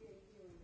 Thank you.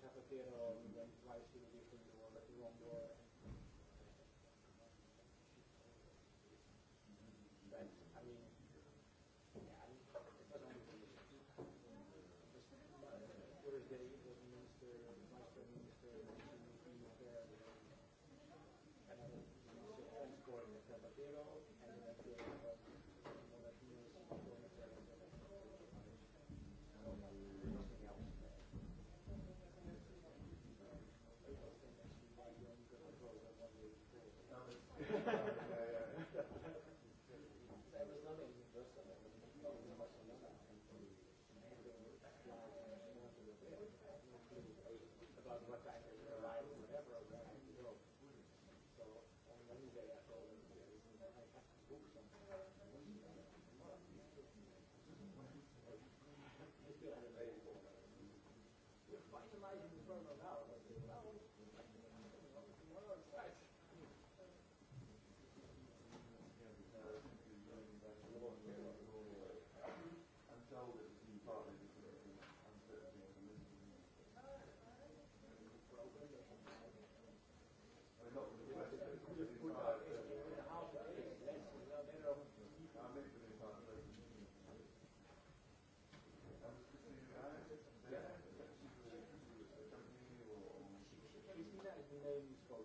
per capita erano 20 quasi name is one.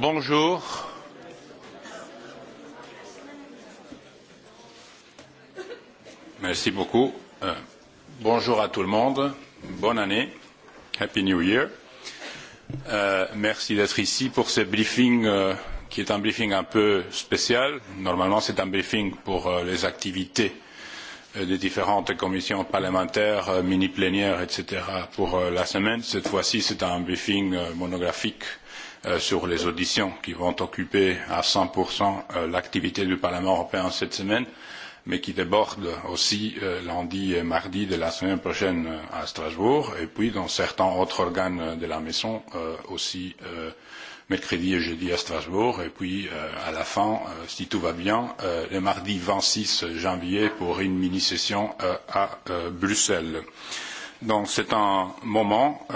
Bonjour. Merci beaucoup. Euh, bonjour à tout le monde. Bonne année. Happy New Year. Euh, merci d'être ici pour ce briefing euh, qui est un briefing un peu spécial. Normalement, c'est un briefing pour euh, les activités euh, des différentes commissions parlementaires, euh, mini-plénières, etc. pour euh, la semaine. Cette fois-ci, c'est un briefing euh, monographique euh, sur les auditions qui vont occuper à 100% l'activité du Parlement européen cette semaine, mais qui débordent aussi lundi et mardi de la semaine prochaine à Strasbourg, et puis dans certains autres organes de la maison aussi mercredi et jeudi à Strasbourg, et puis à la fin, si tout va bien, le mardi vingt six janvier pour une mini-session à Bruxelles. Donc c'est un moment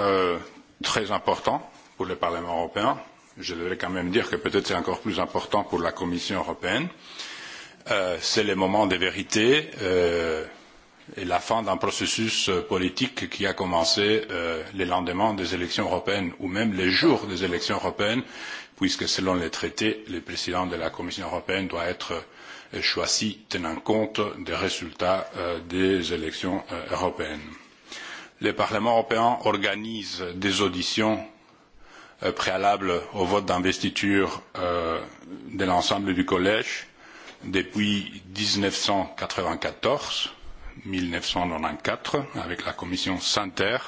très important pour le Parlement européen. Je devrais quand même dire que peut-être c'est encore plus important pour la Commission européenne. c'est le moment des vérités et la fin d'un processus politique qui a commencé le lendemain des élections européennes ou même les jours des élections européennes, puisque selon les traités, le président de la Commission européenne doit être choisi tenant compte des résultats des élections européennes. Le Parlement européen organise des auditions préalable au vote d'investiture de l'ensemble du collège depuis 1994, neuf cent quatre vingt quatorze mille neuf cent quatre avec la commission Santer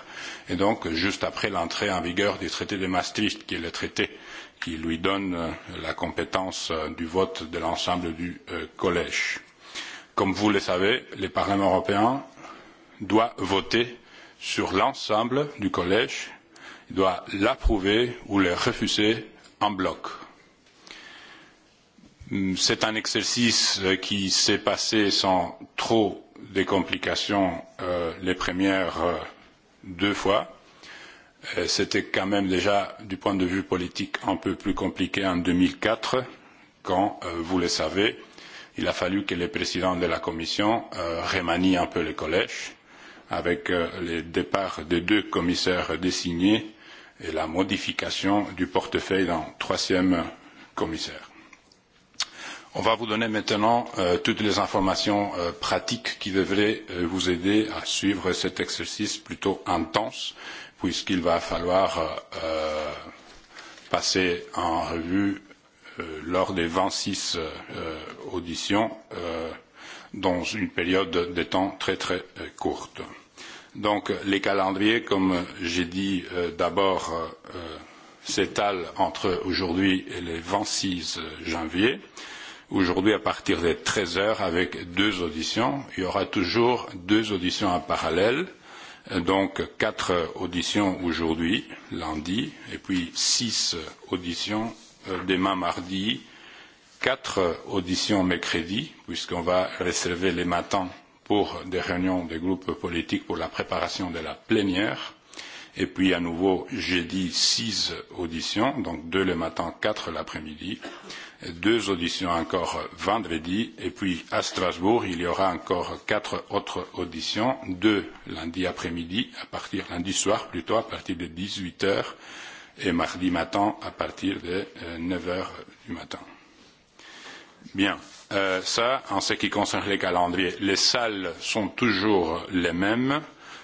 et donc juste après l'entrée en vigueur du traité de Maastricht qui est le traité qui lui donne la compétence du vote de l'ensemble du collège. Comme vous le savez, le Parlement européen doit voter sur l'ensemble du collège doit l'approuver ou le refuser en bloc. C'est un exercice qui s'est passé sans trop de complications les premières deux fois. C'était quand même déjà, du point de vue politique, un peu plus compliqué en deux mille quatre, quand, vous le savez, il a fallu que le président de la Commission remanie un peu le collège, avec le départ des deux commissaires désignés et la modification du portefeuille d'un troisième commissaire. On va vous donner maintenant toutes les informations pratiques qui devraient vous aider à suivre cet exercice plutôt intense, puisqu'il va falloir passer en revue lors des vingt six auditions dans une période de temps très très courte. Donc les calendriers, comme j'ai dit d'abord, s'étalent entre aujourd'hui et le vingt six janvier. Aujourd'hui, à partir des treize heures, avec deux auditions, il y aura toujours deux auditions en parallèle. Donc quatre auditions aujourd'hui, lundi, et puis six auditions demain mardi, quatre auditions mercredi, puisqu'on va réserver les matins pour des réunions des groupes politiques pour la préparation de la plénière. Et puis à nouveau jeudi six auditions, donc deux le matin, quatre l'après-midi, deux auditions encore vendredi, et puis à Strasbourg, il y aura encore quatre autres auditions, deux lundi après-midi, à partir lundi soir plutôt, à partir de dix huit heures, et mardi matin à partir de neuf heures du matin. Bien ça, en ce qui concerne les calendriers, les salles sont toujours les mêmes.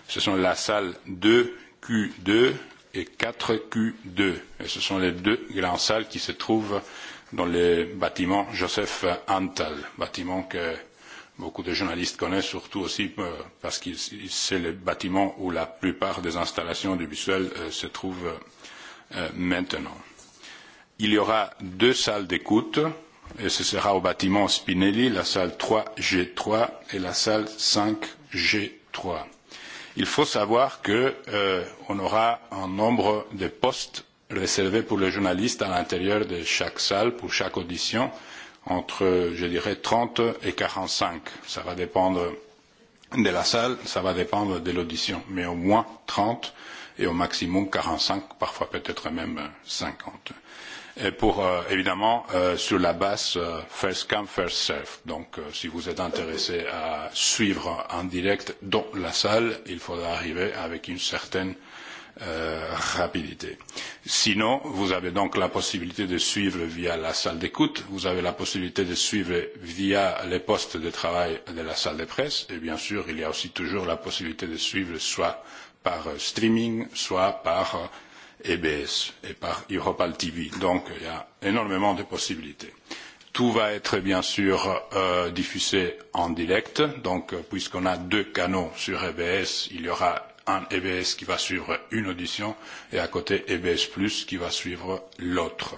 Ce sont la salle 2Q2 et 4Q2. Et ce sont les deux grandes salles qui se trouvent dans le bâtiment Joseph Antal, bâtiment que beaucoup de journalistes connaissent, surtout aussi parce que c'est le bâtiment où la plupart des installations du Bussel se trouvent maintenant. Il y aura deux salles d'écoute et ce sera au bâtiment Spinelli, la salle 3G3 et la salle 5G3. Il faut savoir que euh, on aura un nombre de postes réservés pour les journalistes à l'intérieur de chaque salle, pour chaque audition, entre, je dirais, 30 et 45. Ça va dépendre de la salle, ça va dépendre de l'audition, mais au moins 30 et au maximum 45, parfois peut-être même 50 pour évidemment sur la base first come first serve. Donc si vous êtes intéressé à suivre en direct dans la salle, il faudra arriver avec une certaine rapidité. Sinon, vous avez donc la possibilité de suivre via la salle d'écoute, vous avez la possibilité de suivre via les postes de travail de la salle de presse, et bien sûr, il y a aussi toujours la possibilité de suivre soit par streaming, soit par EBS et par Europa TV. Donc il y a énormément de possibilités. Tout va être bien sûr diffusé en direct. Donc puisqu'on a deux canaux sur EBS, il y aura un EBS qui va suivre une audition et à côté EBS Plus qui va suivre l'autre.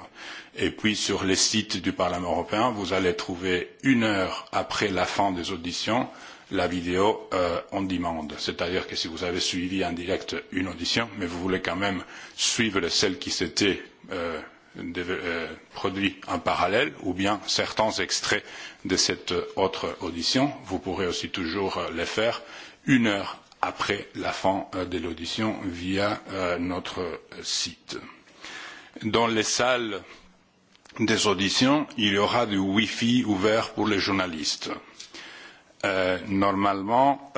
Et puis sur les sites du Parlement européen, vous allez trouver une heure après la fin des auditions la vidéo on demand. C'est-à-dire que si vous avez suivi en direct une audition, mais vous voulez quand même suivre celle qui s'était produite en parallèle, ou bien certains extraits de cette autre audition, vous pourrez aussi toujours le faire une heure après la fin de l'audition via notre site. Dans les salles des auditions, il y aura du Wi-Fi ouvert pour les journalistes normalement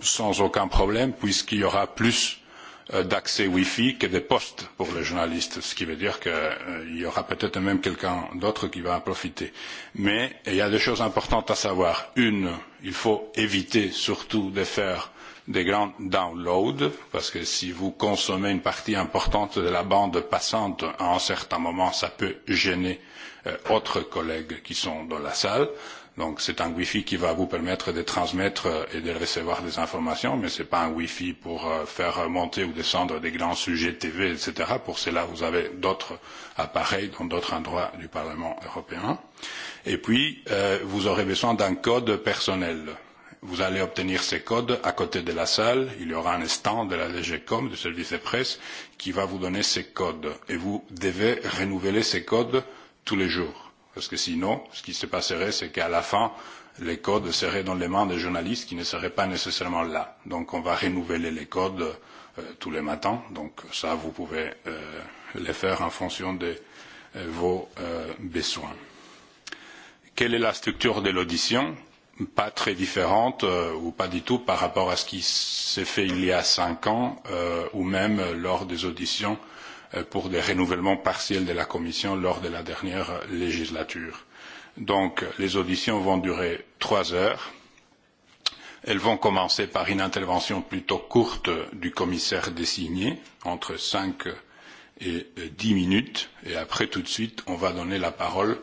sans aucun problème puisqu'il y aura plus d'accès Wi-Fi que de postes pour les journalistes, ce qui veut dire qu'il y aura peut-être même quelqu'un d'autre qui va en profiter. Mais il y a deux choses importantes à savoir. Une, il faut éviter surtout de faire des grands downloads, parce que si vous consommez une partie importante de la bande passante à un certain moment, ça peut gêner autres collègues qui sont dans la salle. Donc c'est un Wi-Fi qui va vous permettre de transmettre et de recevoir des informations, mais ce n'est pas un Wi-Fi pour faire monter ou descendre des grands sujets TV, etc. Pour cela, vous avez d'autres appareils dans d'autres endroits du Parlement européen. Et puis, euh, vous aurez besoin d'un code personnel. Vous allez obtenir ces codes à côté de la salle. Il y aura un stand de la DGCOM, du service de presse, qui va vous donner ces codes. Et vous devez renouveler ces codes tous les jours Parce que sinon, ce qui se passerait, c'est qu'à la fin, les codes seraient dans les mains des journalistes qui ne seraient pas nécessairement là. Donc on va renouveler les codes tous les matins. Donc ça, vous pouvez le faire en fonction de vos besoins. Quelle est la structure de l'audition Pas très différente ou pas du tout par rapport à ce qui s'est fait il y a cinq ans ou même lors des auditions euh, pour des renouvellements partiels de la Commission lors de la dernière législature. Donc les auditions vont durer trois heures. Elles vont commencer par une intervention plutôt courte du commissaire désigné, entre cinq et dix minutes, et après tout de suite, on va donner la parole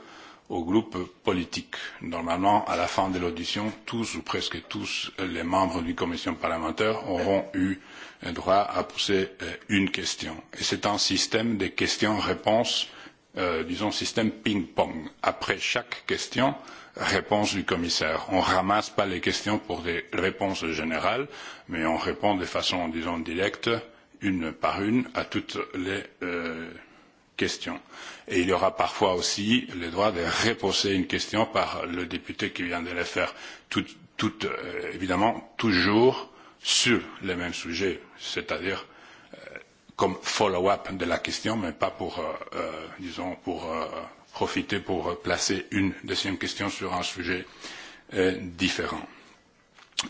aux groupes politiques. Normalement, à la fin de l'audition, tous ou presque tous les membres d'une commission parlementaire auront eu droit à poser une question. Et c'est un système de questions-réponses, disons système ping-pong. Après chaque question, réponse du commissaire. On ne ramasse pas les questions pour des réponses générales, mais on répond de façon, disons, directe, une par une, à toutes les question. Et il y aura parfois aussi le droit de reposer une question par le député qui vient de le faire, tout, tout, évidemment toujours sur le même sujet, c'est-à-dire comme follow-up de la question, mais pas pour, euh, disons, pour euh, profiter pour placer une deuxième question sur un sujet euh, différent.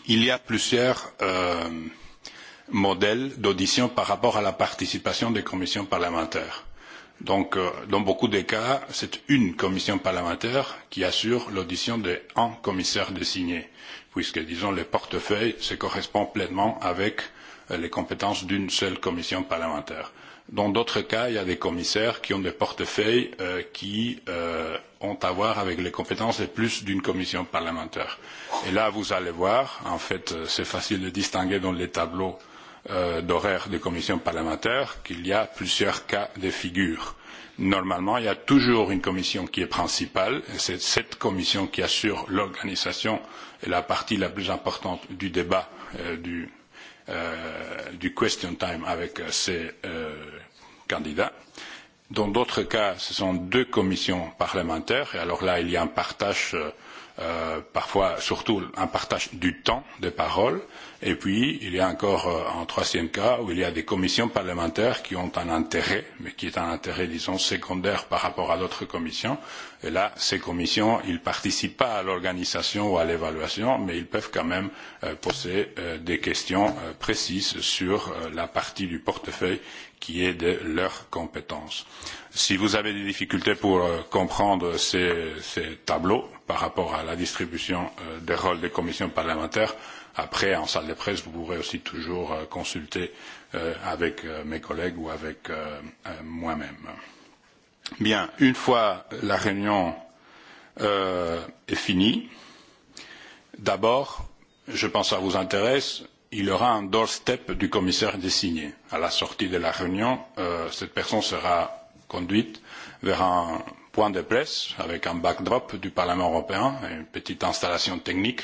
Il y a plusieurs euh, modèles d'audition par rapport à la participation des commissions parlementaires Donc, dans beaucoup de cas, c'est une commission parlementaire qui assure l'audition d'un commissaire désigné, puisque, disons, le portefeuille se correspond pleinement avec les compétences d'une seule commission parlementaire. Dans d'autres cas, il y a des commissaires qui ont des portefeuilles qui ont à voir avec les compétences de plus d'une commission parlementaire. Et là, vous allez voir, en fait, c'est facile de distinguer dans les tableaux euh, d'horaires des commissions parlementaires qu'il y a plusieurs cas de figure. Normalement, il y a toujours une commission qui est principale, et c'est cette commission qui assure l'organisation et la partie la plus importante du débat du, question time avec ces candidats. Dans d'autres cas, ce sont deux commissions parlementaires, et alors là, il y a un partage, parfois surtout un partage du temps de parole, Et puis, il y a encore un troisième cas où il y a des commissions parlementaires qui ont un intérêt, mais qui est un intérêt, disons, secondaire par rapport à d'autres commissions. Et là, ces commissions, ils ne participent pas à l'organisation ou à l'évaluation, mais ils peuvent quand même poser des questions précises sur la partie du portefeuille qui est de leurs compétences. Si vous avez des difficultés pour comprendre ces, tableaux, par rapport à la distribution des rôles des commissions parlementaires. Après, en salle de presse, vous pourrez aussi toujours consulter avec mes collègues ou avec moi-même. Bien, une fois la réunion est finie, d'abord, je pense que ça vous intéresse, il y aura un doorstep du commissaire désigné. À la sortie de la réunion, cette personne sera conduite vers un point de presse avec un backdrop du Parlement européen et une petite installation technique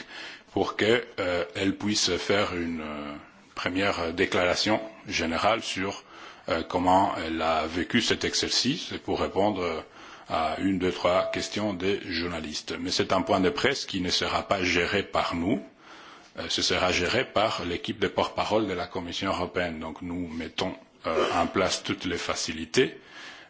pour qu'elle puisse faire une première déclaration générale sur comment elle a vécu cet exercice et pour répondre à une, deux, trois questions des journalistes. Mais c'est un point de presse qui ne sera pas géré par nous, ce sera géré par l'équipe de porte-parole de la Commission européenne. Donc nous mettons en place toutes les facilités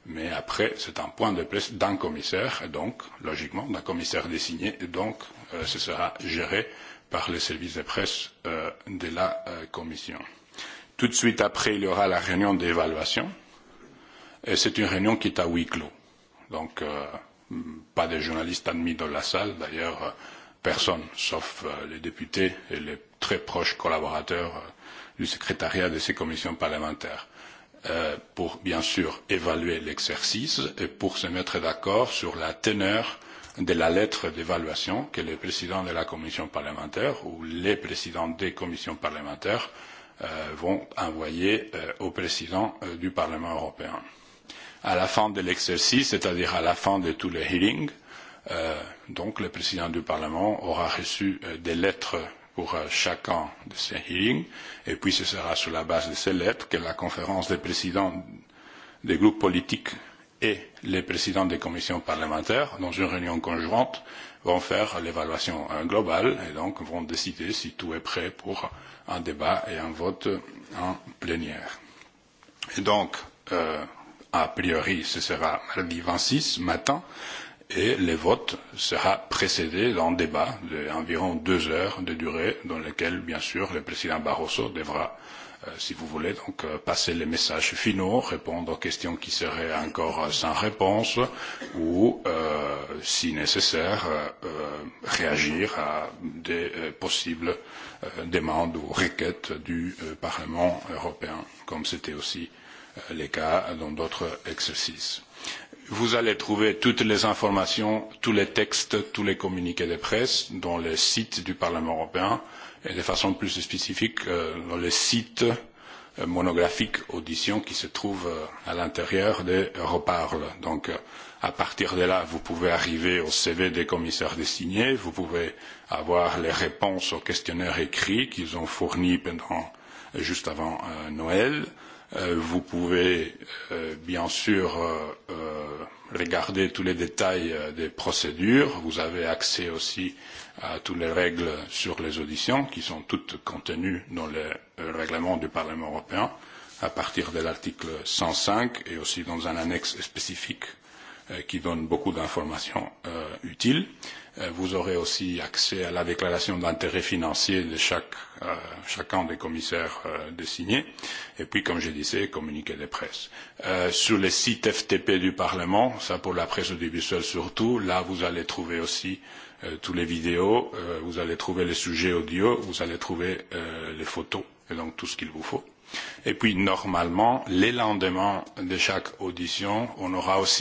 Mais après, c'est un point de plus d'un commissaire, et donc, logiquement, d'un commissaire désigné, et donc, euh, ce sera géré par les services de presse euh, de la euh, Commission. Tout de suite après, il y aura la réunion d'évaluation, et c'est une réunion qui est à huis clos. Donc, euh, pas de journalistes admis dans la salle, d'ailleurs, personne, sauf euh, les députés et les très proches collaborateurs euh, du secrétariat de ces commissions parlementaires pour bien sûr évaluer l'exercice et pour se mettre d'accord sur la teneur de la lettre d'évaluation que le président de la commission parlementaire ou les présidents des commissions parlementaires vont envoyer au président du Parlement européen. À la fin de l'exercice, c'est-à-dire à la fin de tous les hearings, donc le président du Parlement aura reçu des lettres pour chacun de ces hearings. Et puis ce sera sur la base de ces lettres que la conférence des présidents des groupes politiques et les présidents des commissions parlementaires, dans une réunion conjointe, vont faire l'évaluation globale et donc vont décider si tout est prêt pour un débat et un vote en plénière. Et donc, a priori, ce sera mardi 26 matin et le vote sera précédé d'un débat d'environ deux heures de durée dans lequel, bien sûr, le président Barroso devra, si vous voulez, donc passer les messages finaux, répondre aux questions qui seraient encore sans réponse ou, si nécessaire, réagir à des possibles demandes ou requêtes du Parlement européen, comme c'était aussi le cas dans d'autres exercices Vous allez trouver toutes les informations, tous les textes, tous les communiqués de presse dans le site du Parlement européen et de façon plus spécifique dans le site monographique audition qui se trouve à l'intérieur de Reparle. Donc, à partir de là, vous pouvez arriver au CV des commissaires désignés, vous pouvez avoir les réponses aux questionnaires écrits qu'ils ont fournis pendant, juste avant Noël. Vous pouvez, bien sûr, regarder tous les détails des procédures. Vous avez accès aussi à toutes les règles sur les auditions qui sont toutes contenues dans le règlement du Parlement européen à partir de l'article cent cinq et aussi dans un annexe spécifique qui donne beaucoup d'informations utiles. Vous aurez aussi accès à la déclaration d'intérêt financier de chacun des commissaires désignés. Et puis, comme je disais, communiqué de presse. sur le site FTP du Parlement, ça pour la presse audiovisuelle surtout, là vous allez trouver aussi toutes les vidéos, vous allez trouver les sujets audio, vous allez trouver les photos et donc tout ce qu'il vous faut. Et puis, normalement, les lendemains de chaque audition, on aura aussi